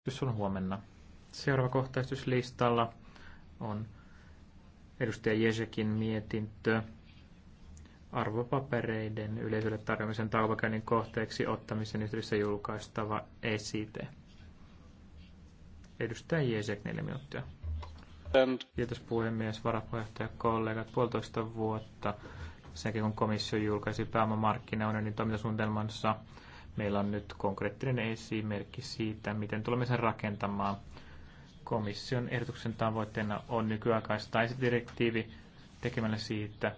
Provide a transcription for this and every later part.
äänestys on huomenna. Seuraava kohtaistuslistalla on edustaja Jesekin mietintö arvopapereiden yleisölle tarjoamisen kaupankäynnin kohteeksi ottamisen yhteydessä julkaistava esite. Edustaja Jesek, neljä minuuttia. Kiitos puhemies, varapuheenjohtaja, kollegat. Puolitoista vuotta senkin kun komissio julkaisi pääomamarkkinoiden niin toimintasuunnitelmansa Meillä on nyt konkreettinen esimerkki siitä, miten tulemme sen rakentamaan. Komission ehdotuksen tavoitteena on nykyaikaistaa direktiivi tekemällä siitä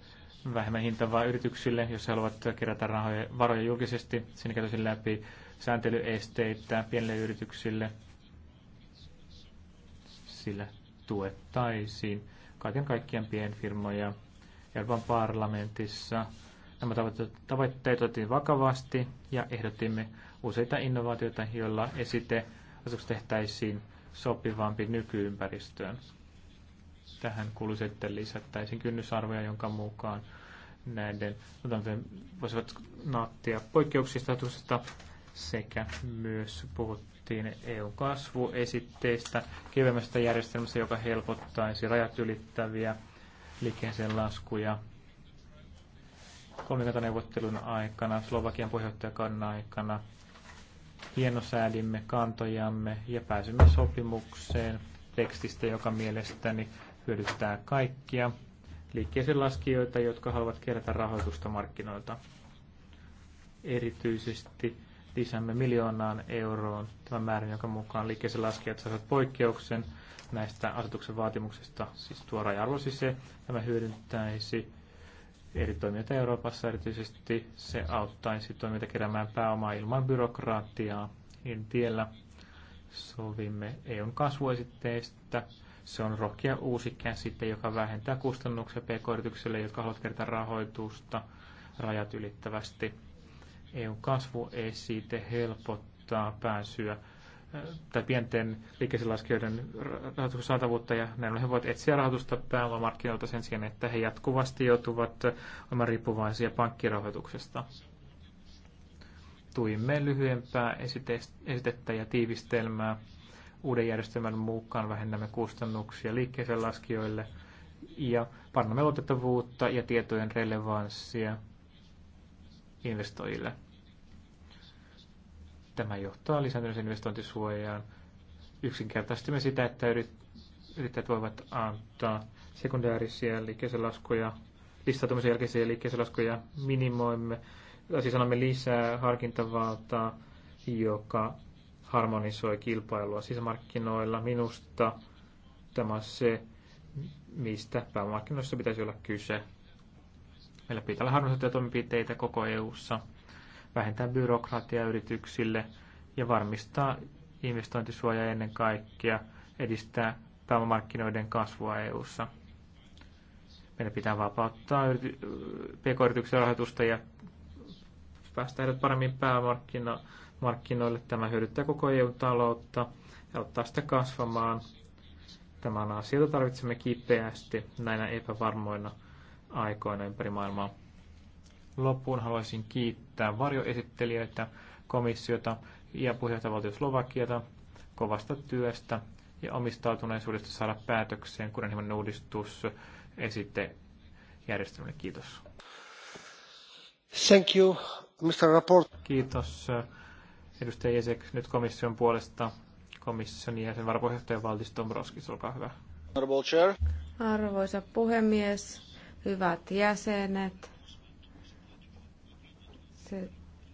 vähemmän hintavaa yrityksille, jos haluavat kerätä rahoja, varoja julkisesti. Siinä käytäisiin läpi sääntelyesteitä pienille yrityksille. Sillä tuettaisiin kaiken kaikkiaan pienfirmoja Euroopan parlamentissa Nämä tavoitteet otettiin vakavasti ja ehdotimme useita innovaatioita, joilla esite asetus tehtäisiin sopivampi nykyympäristöön. Tähän kuuluisi, että lisättäisiin kynnysarvoja, jonka mukaan näiden voisivat nauttia poikkeuksistatuksesta sekä myös puhuttiin EU-kasvuesitteistä, kevemmästä järjestelmästä, joka helpottaisi rajat ylittäviä liikkeeseen laskuja kolmikantaneuvottelun aikana, Slovakian puheenjohtajakauden aikana, hienosäädimme kantojamme ja pääsimme sopimukseen tekstistä, joka mielestäni hyödyttää kaikkia liikkeeseen laskijoita, jotka haluavat kerätä rahoitusta markkinoilta. Erityisesti lisäämme miljoonaan euroon tämän määrän, jonka mukaan liikkeeseen laskijat saavat poikkeuksen näistä asetuksen vaatimuksista, siis tuo raja-arvo siis se, tämä hyödyntäisi eri toimijoita Euroopassa erityisesti. Se auttaisi toimijoita keräämään pääomaa ilman byrokraattiaa. En sovimme EUn kasvuesitteistä. Se on rohkea uusi käsite, joka vähentää kustannuksia pk-yrityksille, jotka haluavat kertaa rahoitusta rajat ylittävästi. EUn kasvuesite helpottaa pääsyä tai pienten liikesilaskijoiden rahoituksen saatavuutta ja näin he voivat etsiä rahoitusta pääomamarkkinoilta sen sijaan, että he jatkuvasti joutuvat olemaan riippuvaisia pankkirahoituksesta. Tuimme lyhyempää esitettä ja tiivistelmää. Uuden järjestelmän mukaan vähennämme kustannuksia laskijoille ja parannamme luotettavuutta ja tietojen relevanssia investoijille. Tämä johtaa lisääntyneen investointisuojaan. me sitä, että yrittäjät voivat antaa sekundäärisiä liikkeeseen listautumisen jälkeisiä liikkeeseen minimoimme, siis annamme lisää harkintavaltaa, joka harmonisoi kilpailua sisämarkkinoilla. Minusta tämä on se, mistä päämarkkinoissa pitäisi olla kyse. Meillä pitää olla harmonisoituja toimenpiteitä koko EU-ssa vähentää byrokratiaa yrityksille ja varmistaa investointisuoja ennen kaikkea, edistää pääomamarkkinoiden kasvua EU:ssa. Meidän pitää vapauttaa yrity- pk-yrityksen rahoitusta ja päästä heidät paremmin pääomamarkkinoille. Tämä hyödyttää koko EU-taloutta ja auttaa sitä kasvamaan. asia, jota tarvitsemme kipeästi näinä epävarmoina aikoina ympäri maailmaa. Loppuun haluaisin kiittää varjoesittelijöitä, komissiota ja puheenjohtajavaltio Slovakiata kovasta työstä ja omistautuneisuudesta saada päätökseen kunnianhimoinen uudistus järjestelmälle Kiitos. Thank you, Mr. Rapport. Kiitos edustaja Jesek nyt komission puolesta. Komission jäsen varapuheenjohtaja Valdis Dombrovskis, olkaa hyvä. Arvoisa puhemies, hyvät jäsenet,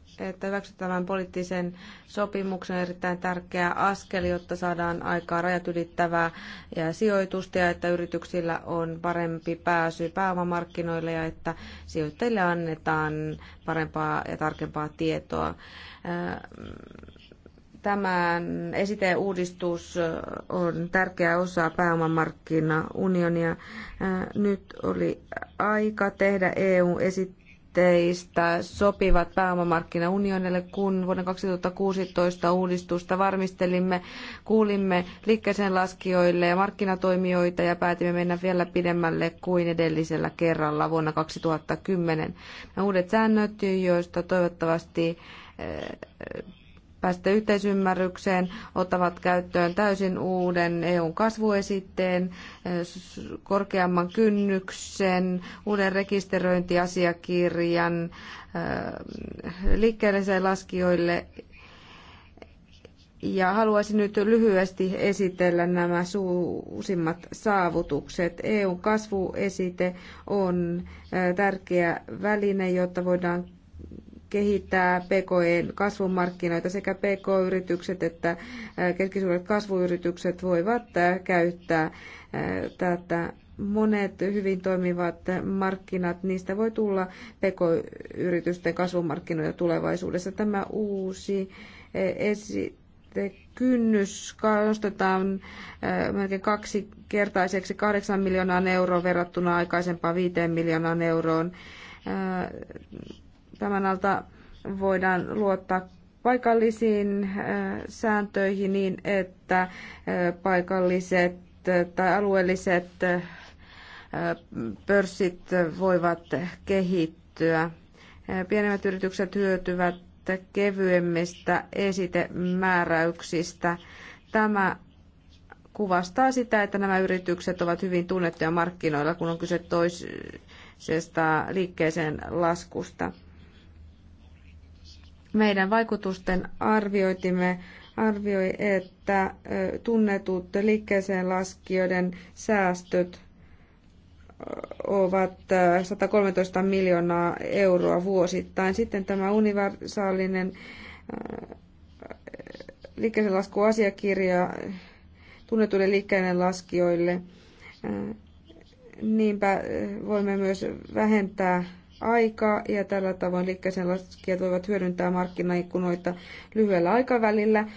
se, että hyväksyttävän poliittisen sopimuksen on erittäin tärkeä askel, jotta saadaan aikaa rajat ylittävää ja sijoitusta ja että yrityksillä on parempi pääsy pääomamarkkinoille ja että sijoittajille annetaan parempaa ja tarkempaa tietoa. Tämä esiteuudistus on tärkeä osa pääomamarkkinaunionia. Nyt oli aika tehdä EU-esitys tavoitteista sopivat pääomamarkkinaunionille, kun vuoden 2016 uudistusta varmistelimme, kuulimme liikkeeseen laskijoille ja markkinatoimijoita ja päätimme mennä vielä pidemmälle kuin edellisellä kerralla vuonna 2010. Nämä uudet säännöt, joista toivottavasti eh, päästä yhteisymmärrykseen, ottavat käyttöön täysin uuden EUn kasvuesitteen, korkeamman kynnyksen, uuden rekisteröintiasiakirjan äh, liikkeelliseen laskijoille. Ja haluaisin nyt lyhyesti esitellä nämä uusimmat saavutukset. EUn kasvuesite on äh, tärkeä väline, jotta voidaan kehittää PKEn kasvumarkkinoita. Sekä PK-yritykset että keskisuuret kasvuyritykset voivat käyttää tätä monet hyvin toimivat markkinat, niistä voi tulla pk-yritysten kasvumarkkinoita tulevaisuudessa. Tämä uusi esitekynnys kynnys nostetaan melkein kertaiseksi 8 miljoonaan euroon verrattuna aikaisempaan 5 miljoonaan euroon Tämän alta voidaan luottaa paikallisiin äh, sääntöihin niin, että äh, paikalliset äh, tai alueelliset pörssit voivat kehittyä. Pienemmät yritykset hyötyvät kevyemmistä esitemääräyksistä. Tämä kuvastaa sitä, että nämä yritykset ovat hyvin tunnettuja markkinoilla, kun on kyse toisesta liikkeeseen laskusta meidän vaikutusten arvioitimme arvioi, että tunnetut liikkeeseen laskijoiden säästöt ovat 113 miljoonaa euroa vuosittain. Sitten tämä universaalinen liikkeeseen laskuasiakirja tunnetuille liikkeiden laskijoille. Niinpä voimme myös vähentää aikaa ja tällä tavoin liikkeeseen laskijat voivat hyödyntää markkinaikkunoita lyhyellä aikavälillä. Äh,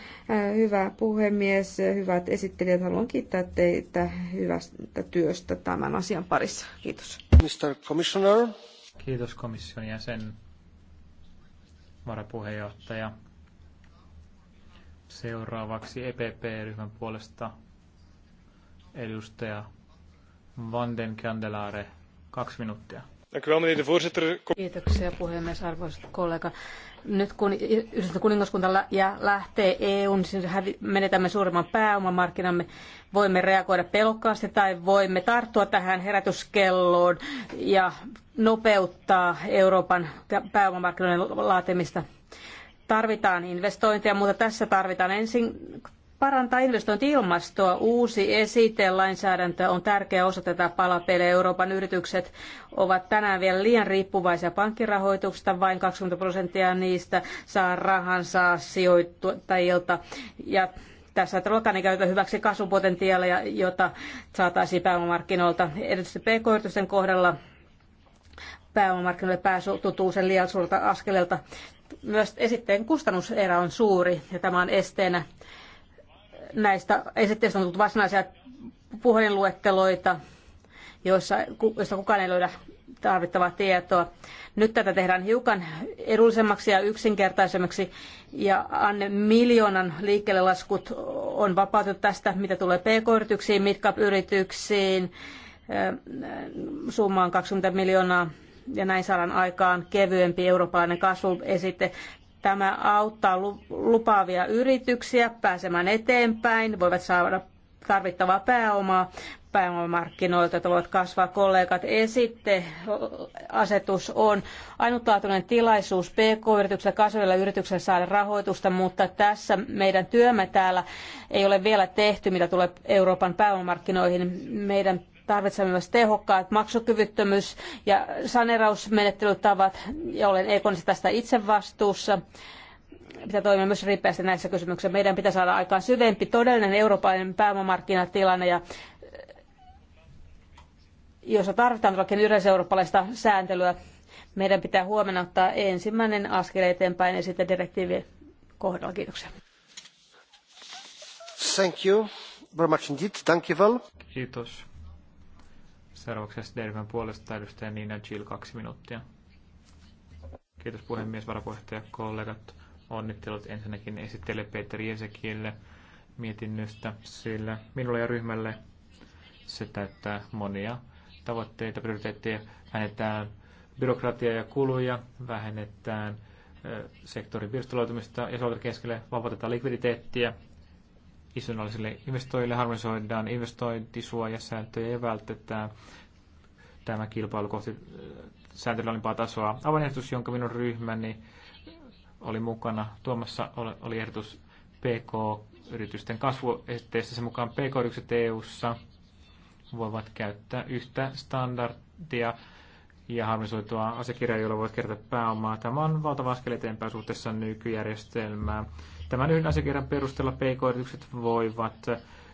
hyvä puhemies, hyvät esittelijät, haluan kiittää teitä hyvästä työstä tämän asian parissa. Kiitos. Mr. Commissioner. Kiitos komission jäsen, varapuheenjohtaja. Seuraavaksi EPP-ryhmän puolesta edustaja Vanden Candelare, kaksi minuuttia. Kiitoksia puhemies, arvoisat kollegat. Nyt kun yhdistetty kuningaskunta lähtee EU, niin siis menetämme suurimman pääomamarkkinamme. Voimme reagoida pelokkaasti tai voimme tarttua tähän herätyskelloon ja nopeuttaa Euroopan pääomamarkkinoiden laatimista. Tarvitaan investointeja, mutta tässä tarvitaan ensin parantaa investointi-ilmastoa. Uusi esitelainsäädäntö on tärkeä osa tätä palapeliä. Euroopan yritykset ovat tänään vielä liian riippuvaisia pankkirahoituksesta. Vain 20 prosenttia niistä saa rahansa sijoittajilta. Ja tässä ruokaan ei käytä hyväksi kasvupotentiaalia, jota saataisiin pääomamarkkinoilta. Erityisesti pk-yritysten kohdalla pääomamarkkinoille pääsy tutuu sen liian suurta askeleelta. Myös esitteen kustannuserä on suuri ja tämä on esteenä näistä esitteistä on tullut varsinaisia puhelinluetteloita, joissa, joissa kukaan ei löydä tarvittavaa tietoa. Nyt tätä tehdään hiukan edullisemmaksi ja yksinkertaisemmaksi ja Anne miljoonan liikkeelle laskut on vapautettu tästä, mitä tulee pk-yrityksiin, midcap-yrityksiin, eh, summa on 20 miljoonaa ja näin saadaan aikaan kevyempi eurooppalainen kasvuesite. Tämä auttaa lupaavia yrityksiä pääsemään eteenpäin, voivat saada tarvittavaa pääomaa pääomamarkkinoilta, että voivat kasvaa kollegat. Esitte asetus on ainutlaatuinen tilaisuus PK-yrityksellä kasvavilla yrityksellä saada rahoitusta, mutta tässä meidän työmme täällä ei ole vielä tehty, mitä tulee Euroopan pääomamarkkinoihin. Meidän tarvitsemme myös tehokkaat maksukyvyttömyys- ja sanerausmenettelytavat, ja olen Ekonissa tästä itse vastuussa. Pitää toimia myös ripeästi näissä kysymyksissä. Meidän pitää saada aikaan syvempi, todellinen eurooppalainen pääomamarkkinatilanne ja jossa tarvitaan todellakin yleiseurooppalaista sääntelyä. Meidän pitää huomenna ottaa ensimmäinen askel eteenpäin ja sitten direktiivien kohdalla. Kiitoksia. Thank you very much indeed. Thank you well. Kiitos. Seuraavaksi SDRVn puolesta edustaja Nina Jill, kaksi minuuttia. Kiitos puhemies, varapuheenjohtaja, kollegat. Onnittelut ensinnäkin esittele Peter Jesekille mietinnöstä, sillä minulle ja ryhmälle se täyttää monia tavoitteita, prioriteetteja. Vähennetään byrokratiaa ja kuluja, vähennetään sektorin pirstaloitumista ja keskelle vapautetaan likviditeettiä isonnollisille investoijille harmonisoidaan investointisuojasääntöjä ja vältetään tämä kilpailu kohti äh, sääntelyalimpaa tasoa. Avainehdotus, jonka minun ryhmäni oli mukana tuomassa, oli ehdotus PK-yritysten kasvuesteestä. Sen mukaan PK-yritykset EU-ssa voivat käyttää yhtä standardia ja harmonisoitua asiakirjaa, jolla voit kerätä pääomaa. Tämä on valtava askel eteenpäin suhteessa nykyjärjestelmään. Tämän yhden asiakirjan perusteella pk-yritykset voivat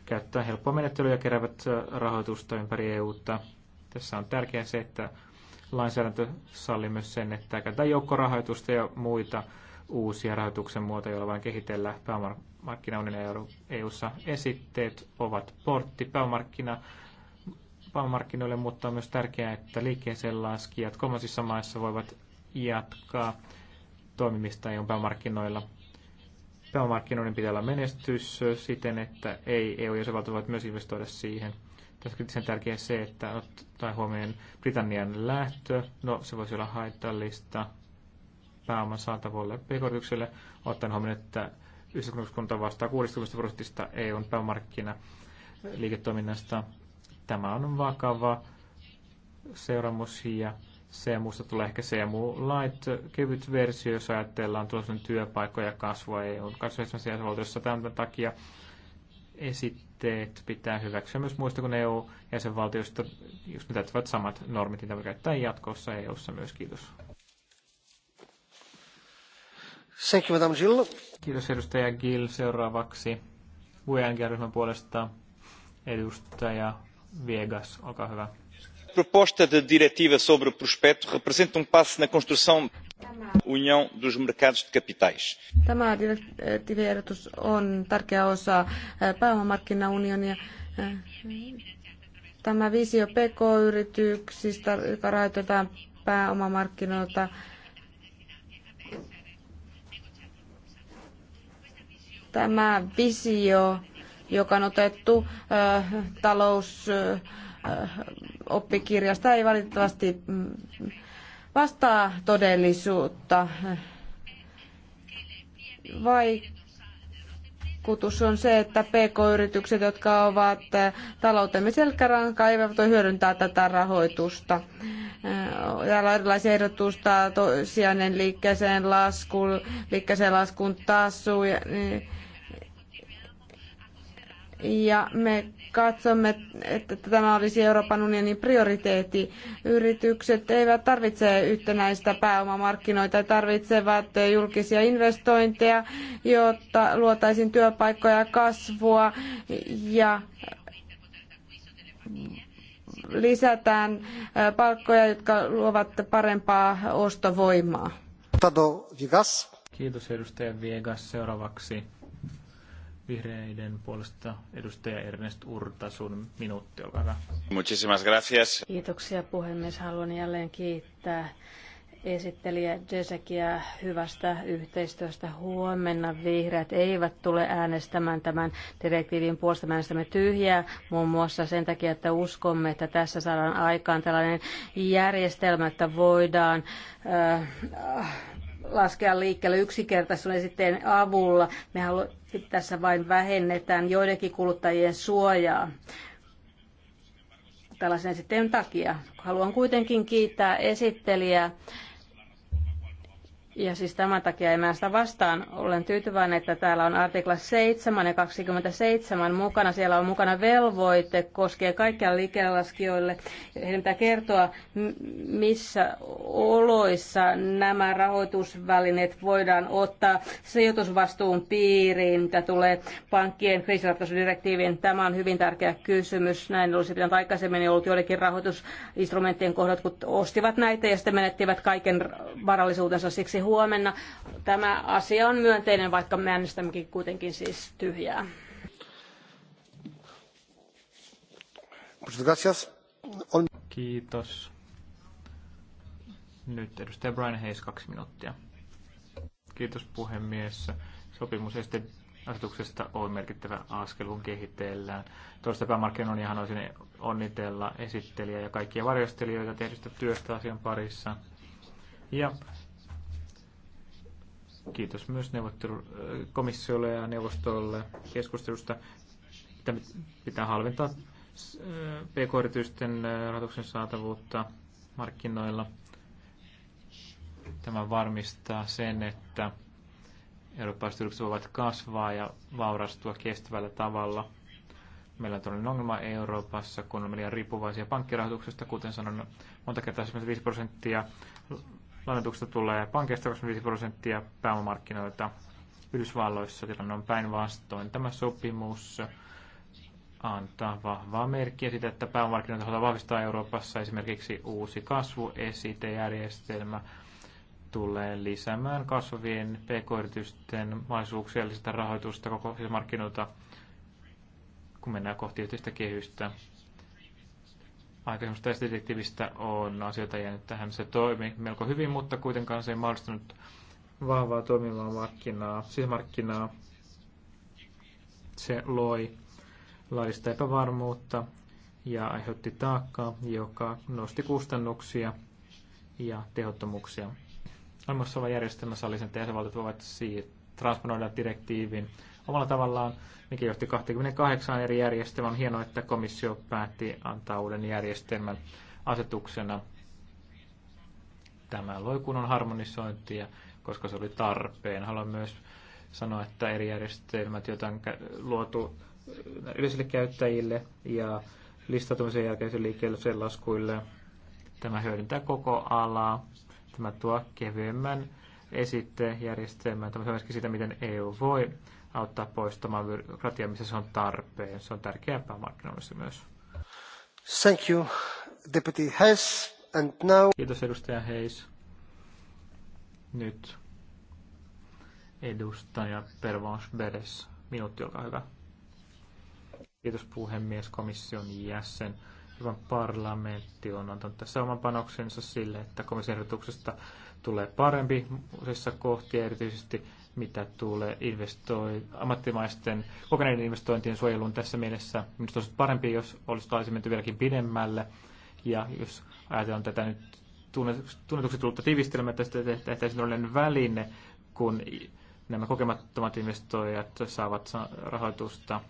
käyttää helppoa menettelyä ja kerävät rahoitusta ympäri EUta. Tässä on tärkeää se, että lainsäädäntö sallii myös sen, että käytetään joukkorahoitusta ja muita uusia rahoituksen muotoja, joilla voidaan kehitellä pääomamarkkinaunionin EU-ssa. Esitteet ovat portti pääomarkkina pääomarkkinoille, mutta on myös tärkeää, että liikkeeseen laskijat kolmansissa maissa voivat jatkaa toimimista EUn pääomarkkinoilla pääomamarkkinoiden pitää olla menestys siten, että ei eu se voivat myös investoida siihen. Tässä on kriittisen tärkeää se, että ottaa huomioon Britannian lähtö. No, se voisi olla haitallista pääoman saatavuudelle pk ottaen huomioon, että yhteiskunta vastaa 60 prosentista EUn pääomarkkina liiketoiminnasta. Tämä on vakava seuraamus ja CMUsta tulee ehkä CMU Light, kevyt versio, jos ajatellaan tuossa työpaikkoja kasvua EUn 27 jäsenvaltiossa tämän takia esitteet pitää hyväksyä myös muista kuin EU-jäsenvaltioista, jos ne täyttävät samat normit, mitä voi käyttää jatkossa EUssa myös. Kiitos. Thank you, Madame Gill. Kiitos edustaja Gill. Seuraavaksi UNG-ryhmän e puolesta edustaja Viegas, olkaa hyvä proposta de diretiva sobre o prospecto representa um passo na construção união dos mercados de capitais. Tämä direktiiviehdotus on tärkeä osa eh, pääomamarkkinaunionia. Eh, tämä visio PK-yrityksistä, joka rajoitetaan pääomamarkkinoilta, tämä visio, joka on otettu eh, talous oppikirjasta ei valitettavasti mm, vastaa todellisuutta. Vaikutus on se, että PK-yritykset, jotka ovat taloutemme selkäranka, eivät voi hyödyntää tätä rahoitusta. Täällä on erilaisia ehdotusta toisiainen liikkeeseen lasku, liikkeeseen laskun tasu. Ja, ja me katsomme, että tämä olisi Euroopan unionin prioriteetti. Yritykset eivät tarvitse yhtenäistä pääomamarkkinoita, tarvitsevat julkisia investointeja, jotta luotaisiin työpaikkoja ja kasvua ja lisätään palkkoja, jotka luovat parempaa ostovoimaa. Kiitos edustaja Viegas. Seuraavaksi vihreiden puolesta edustaja Ernest Urtasun minuutti, olkaa hyvä. Muchísimas gracias. Kiitoksia puhemies. Haluan jälleen kiittää esittelijä Jesekia hyvästä yhteistyöstä. Huomenna vihreät eivät tule äänestämään tämän direktiivin puolesta. Me äänestämme tyhjää muun muassa sen takia, että uskomme, että tässä saadaan aikaan tällainen järjestelmä, että voidaan äh, laskea liikkeelle yksinkertaisuuden esitteen avulla. Me halu- sitten tässä vain vähennetään joidenkin kuluttajien suojaa tällaisen esitteen takia. Haluan kuitenkin kiittää esittelijää ja siis tämän takia en sitä vastaan. Olen tyytyväinen, että täällä on artikla 7 ja 27 mukana. Siellä on mukana velvoite koskee kaikkia liikelaskijoille. Heidän pitää kertoa, missä oloissa nämä rahoitusvälineet voidaan ottaa sijoitusvastuun piiriin, mitä tulee pankkien kriisiratkaisudirektiiviin. Tämä on hyvin tärkeä kysymys. Näin olisi pitänyt aikaisemmin niin ollut joidenkin rahoitusinstrumenttien kohdat, kun ostivat näitä ja sitten menettivät kaiken varallisuutensa siksi huomenna. Tämä asia on myönteinen, vaikka me äänestämmekin kuitenkin siis tyhjää. Kiitos. Nyt edustaja Brian Hayes, kaksi minuuttia. Kiitos puhemies. Sopimus asetuksesta on merkittävä askel, kun kehitellään. Toista päämarkkinoinnin haluaisin onnitella esittelijä ja kaikkia varjostelijoita tehdystä työstä asian parissa. Ja Kiitos myös komissiolle ja neuvostolle keskustelusta. Pitää halventaa pk-yritysten rahoituksen saatavuutta markkinoilla. Tämä varmistaa sen, että eurooppalaiset yritykset voivat kasvaa ja vaurastua kestävällä tavalla. Meillä on todellinen ongelma Euroopassa, kun on liian riippuvaisia pankkirahoituksesta, kuten sanon, monta kertaa 75 prosenttia lainatuksesta tulee pankeista 25 prosenttia pääomamarkkinoilta. Yhdysvalloissa tilanne on päinvastoin. Tämä sopimus antaa vahvaa merkkiä siitä, että pääomamarkkinoita halutaan vahvistaa Euroopassa. Esimerkiksi uusi kasvuesitejärjestelmä tulee lisäämään kasvavien pk-yritysten mahdollisuuksia lisätä rahoitusta koko markkinoilta, kun mennään kohti yhteistä kehystä aikaisemmasta tästä direktiivistä on asioita jäänyt tähän. Se toimi melko hyvin, mutta kuitenkaan se ei mahdollistanut vahvaa toimivaa markkinaa, sisämarkkinaa. Se loi laista epävarmuutta ja aiheutti taakkaa, joka nosti kustannuksia ja tehottomuuksia. Olemassa oleva järjestelmä sallii sen, että voivat transponoida direktiivin omalla tavallaan, mikä johti 28 eri järjestelmään. On hienoa, että komissio päätti antaa uuden järjestelmän asetuksena. Tämä loi kunnon harmonisointia, koska se oli tarpeen. Haluan myös sanoa, että eri järjestelmät, joita on luotu yleisille käyttäjille ja listautumisen jälkeisen liikkeelle laskuille, tämä hyödyntää koko alaa. Tämä tuo kevyemmän esittejärjestelmän. Tämä on myöskin sitä, miten EU voi auttaa poistamaan byrokratiaa, missä se on tarpeen. Se on tärkeää päämarkkinoinnissa myös. Thank you, Deputy Hess. And now... Kiitos edustaja Hayes. Nyt edustaja Pervans Beres. Minuutti, olkaa hyvä. Kiitos puhemies, komission jäsen. Hyvän parlamentti on antanut tässä oman panoksensa sille, että komission ehdotuksesta tulee parempi useissa kohtia, erityisesti mitä tulee investoi, ammattimaisten kokeneiden investointien suojeluun tässä mielessä. Minusta olisi parempi, jos olisi, olisi menty vieläkin pidemmälle. Ja jos ajatellaan tätä nyt tunnetuksi tullutta tiivistelmää, tästä tehtäisiin tällainen väline, kun nämä kokemattomat investoijat saavat rahoitusta.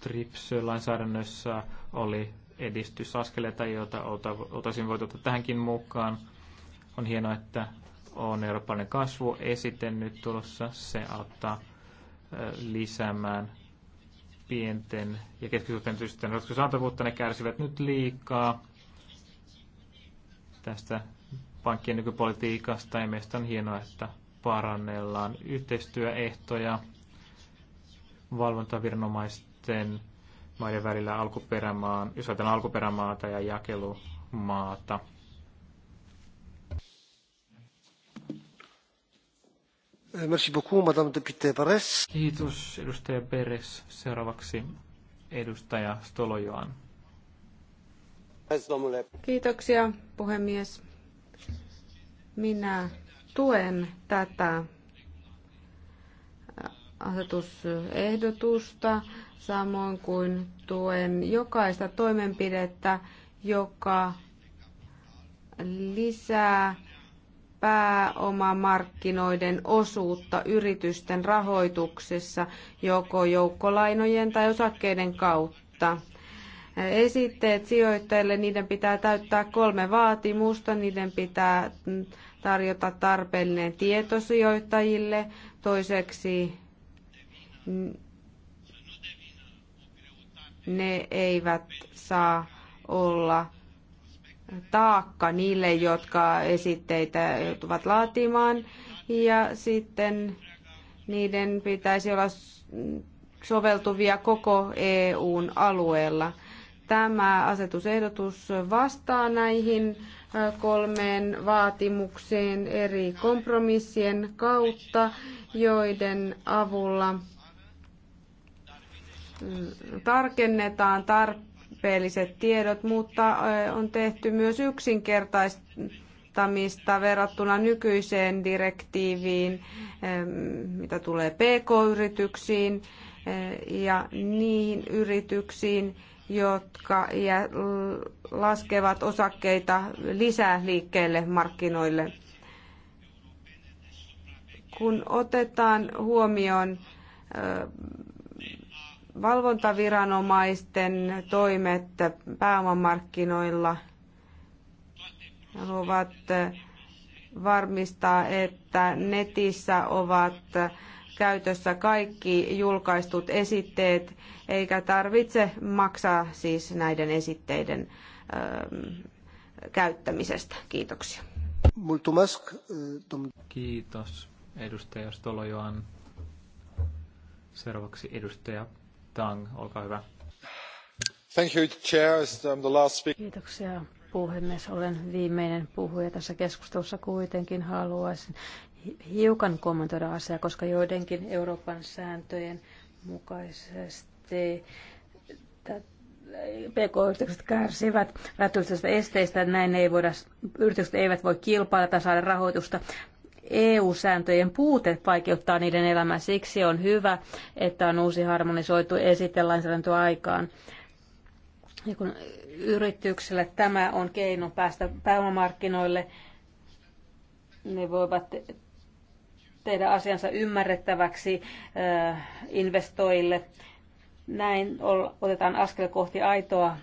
TRIPS-lainsäädännössä oli edistysaskeleita, joita oltaisiin voitu ottaa tähänkin mukaan. On hienoa, että on eurooppalainen kasvu, nyt tulossa. Se auttaa lisäämään pienten ja keskisuurten yritysten ratkaisuantavuutta. Ne kärsivät nyt liikaa tästä pankkien nykypolitiikasta ja meistä on hienoa, että parannellaan yhteistyöehtoja valvontaviranomaisten maiden välillä alkuperämaan, jos ajatellaan alkuperämaata ja jakelumaata. Merci beaucoup, Madame Deputé Beres. Kiitos, edustaja Beres. Seuraavaksi edustaja Stolojoan. Kiitoksia, puhemies. Minä tuen tätä asetusehdotusta samoin kuin tuen jokaista toimenpidettä, joka lisää pääomamarkkinoiden osuutta yritysten rahoituksessa joko joukkolainojen tai osakkeiden kautta. Esitteet sijoittajille, niiden pitää täyttää kolme vaatimusta, niiden pitää tarjota tarpeellinen tieto sijoittajille, toiseksi ne eivät saa olla taakka niille, jotka esitteitä joutuvat laatimaan. Ja sitten niiden pitäisi olla soveltuvia koko EUn alueella. Tämä asetusehdotus vastaa näihin kolmeen vaatimukseen eri kompromissien kautta, joiden avulla tarkennetaan tarpeelliset tiedot, mutta on tehty myös yksinkertaistamista verrattuna nykyiseen direktiiviin, mitä tulee pk-yrityksiin ja niihin yrityksiin, jotka laskevat osakkeita lisää liikkeelle markkinoille. Kun otetaan huomioon valvontaviranomaisten toimet pääomamarkkinoilla haluavat varmistaa, että netissä ovat käytössä kaikki julkaistut esitteet, eikä tarvitse maksaa siis näiden esitteiden ähm, käyttämisestä. Kiitoksia. Kiitos edustaja Stolojoan. Seuraavaksi edustaja Tang, olkaa hyvä. Thank you, Chair. I'm the last speaker. Kiitoksia puhemies. Olen viimeinen puhuja tässä keskustelussa kuitenkin haluaisin hiukan kommentoida asiaa, koska joidenkin Euroopan sääntöjen mukaisesti PK-yritykset kärsivät rajoitusista esteistä, näin ei voida, yritykset eivät voi kilpailla tai saada rahoitusta. EU-sääntöjen puute vaikeuttaa niiden elämää. Siksi on hyvä, että on uusi harmonisoitu esitelainsäädäntö aikaan. Ja kun yrityksille tämä on keino päästä pääomamarkkinoille, ne voivat tehdä asiansa ymmärrettäväksi äh, investoille. Näin otetaan askel kohti aitoa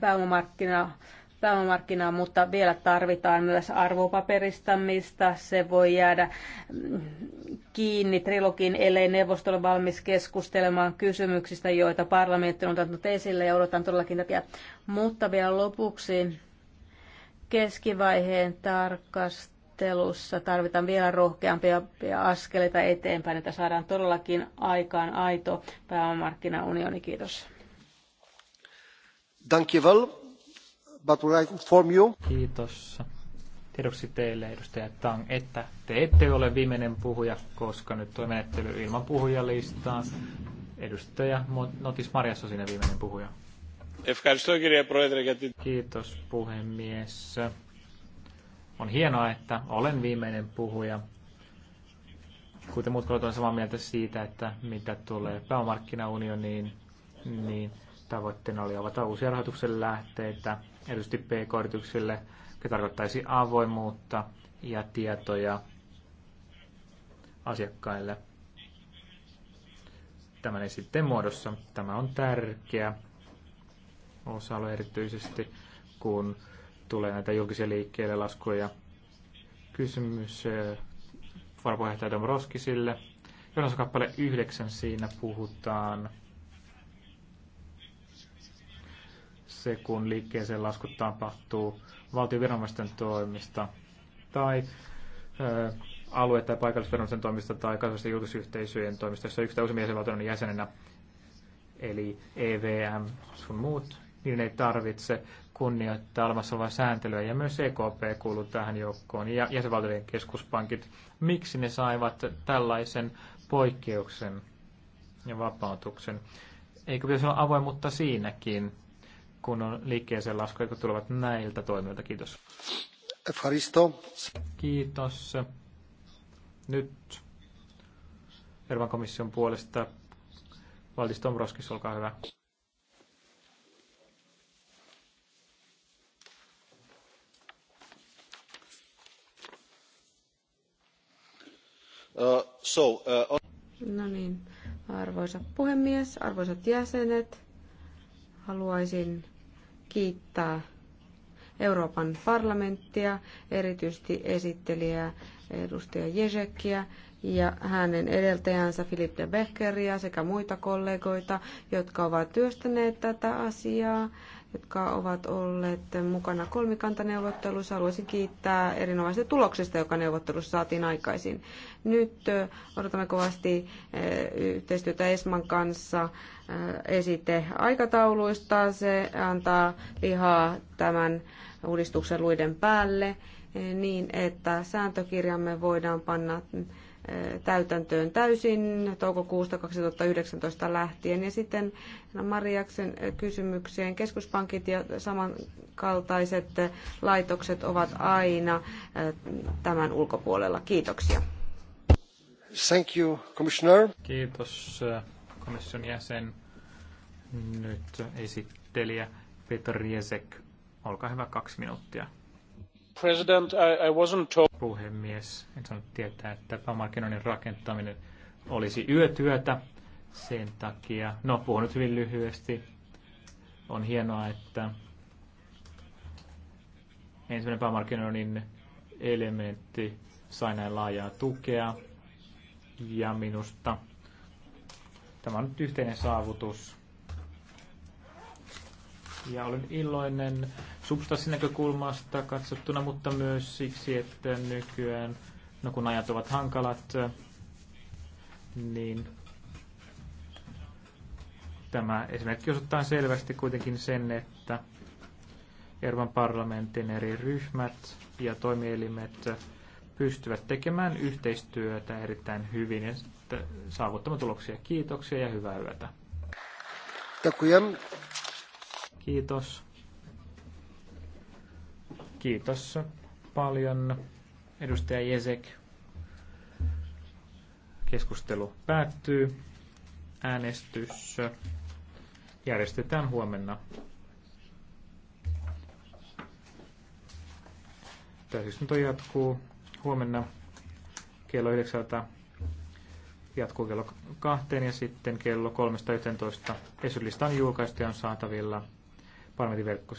pääomamarkkinaa pääomamarkkinaa, mutta vielä tarvitaan myös arvopaperistamista. Se voi jäädä kiinni trilogin, ellei neuvosto ole valmis keskustelemaan kysymyksistä, joita parlamentti on ottanut esille ja odotan todellakin tätä. Mutta vielä lopuksi keskivaiheen tarkastelussa tarvitaan vielä rohkeampia askeleita eteenpäin, että saadaan todellakin aikaan aito pääomamarkkinaunioni. Kiitos. Dankjewel but would like inform you. Kiitos. Tiedoksi teille, edustaja Tang, että te ette ole viimeinen puhuja, koska nyt on menettely ilman puhujalistaa. Edustaja Notis Marjas on siinä viimeinen puhuja. Kiitos puhemies. On hienoa, että olen viimeinen puhuja. Kuten muut kollegat, on samaa mieltä siitä, että mitä tulee pääomarkkinaunioniin, niin tavoitteena oli avata uusia rahoituksen lähteitä erityisesti PK-yrityksille, joka tarkoittaisi avoimuutta ja tietoja asiakkaille tämän esitteen muodossa. Tämä on tärkeä osa erityisesti, kun tulee näitä julkisia liikkeelle laskuja. Kysymys äh, varapuheenjohtaja Roskisille. Jonas kappale 9 siinä puhutaan se, kun liikkeeseen lasku tapahtuu valtioviranomaisten toimista tai ää, alue- tai paikallisviranomaisten toimista tai kansallisten julkisyhteisöjen toimista, jossa yksi tai useampi jäsenvaltio on jäsenenä, eli EVM sun muut, niin ei tarvitse kunnioittaa olemassa olevaa sääntelyä. Ja myös EKP kuuluu tähän joukkoon ja jäsenvaltioiden keskuspankit. Miksi ne saivat tällaisen poikkeuksen ja vapautuksen? Eikö pitäisi olla avoimuutta siinäkin? kun on liikkeeseen lasku, jotka tulevat näiltä toimijoilta. Kiitos. Faristo. Kiitos. Nyt Euroopan komission puolesta Valdis Tomroskis, olkaa hyvä. Uh, uh, no niin, arvoisa puhemies, arvoisat jäsenet haluaisin kiittää Euroopan parlamenttia, erityisesti esittelijää edustaja Jezekkiä ja hänen edeltäjänsä Philippe de Beckeria sekä muita kollegoita, jotka ovat työstäneet tätä asiaa jotka ovat olleet mukana kolmikantaneuvotteluissa. Haluaisin kiittää erinomaisesta tuloksesta, joka neuvottelussa saatiin aikaisin. Nyt odotamme kovasti yhteistyötä Esman kanssa esite aikatauluista. Se antaa lihaa tämän uudistuksen luiden päälle niin, että sääntökirjamme voidaan panna täytäntöön täysin toukokuusta 2019 lähtien. Ja sitten Mariaksen kysymykseen keskuspankit ja samankaltaiset laitokset ovat aina tämän ulkopuolella. Kiitoksia. Thank you, Commissioner. Kiitos komission jäsen. Nyt esittelijä Peter Riesek. Olkaa hyvä, kaksi minuuttia. President, I, I wasn't told... Puhemies, en saanut tietää, että pääomarkkinoinnin rakentaminen olisi yötyötä sen takia. No, puhun nyt hyvin lyhyesti. On hienoa, että ensimmäinen pääomarkkinoinnin elementti sai näin laajaa tukea. Ja minusta tämä on nyt yhteinen saavutus ja olen iloinen substanssin näkökulmasta katsottuna, mutta myös siksi, että nykyään, no kun ajat ovat hankalat, niin tämä esimerkki osoittaa selvästi kuitenkin sen, että Euroopan parlamentin eri ryhmät ja toimielimet pystyvät tekemään yhteistyötä erittäin hyvin ja saavuttamaan tuloksia. Kiitoksia ja hyvää yötä. Takujem. Kiitos. Kiitos paljon edustaja Jesek. Keskustelu päättyy. Äänestys järjestetään huomenna. Täysistunto jatkuu huomenna kello 9 jatkuu kello kahteen ja sitten kello 3.11. Esylista on julkaistu ja on saatavilla parlamentin verkkosivuilla.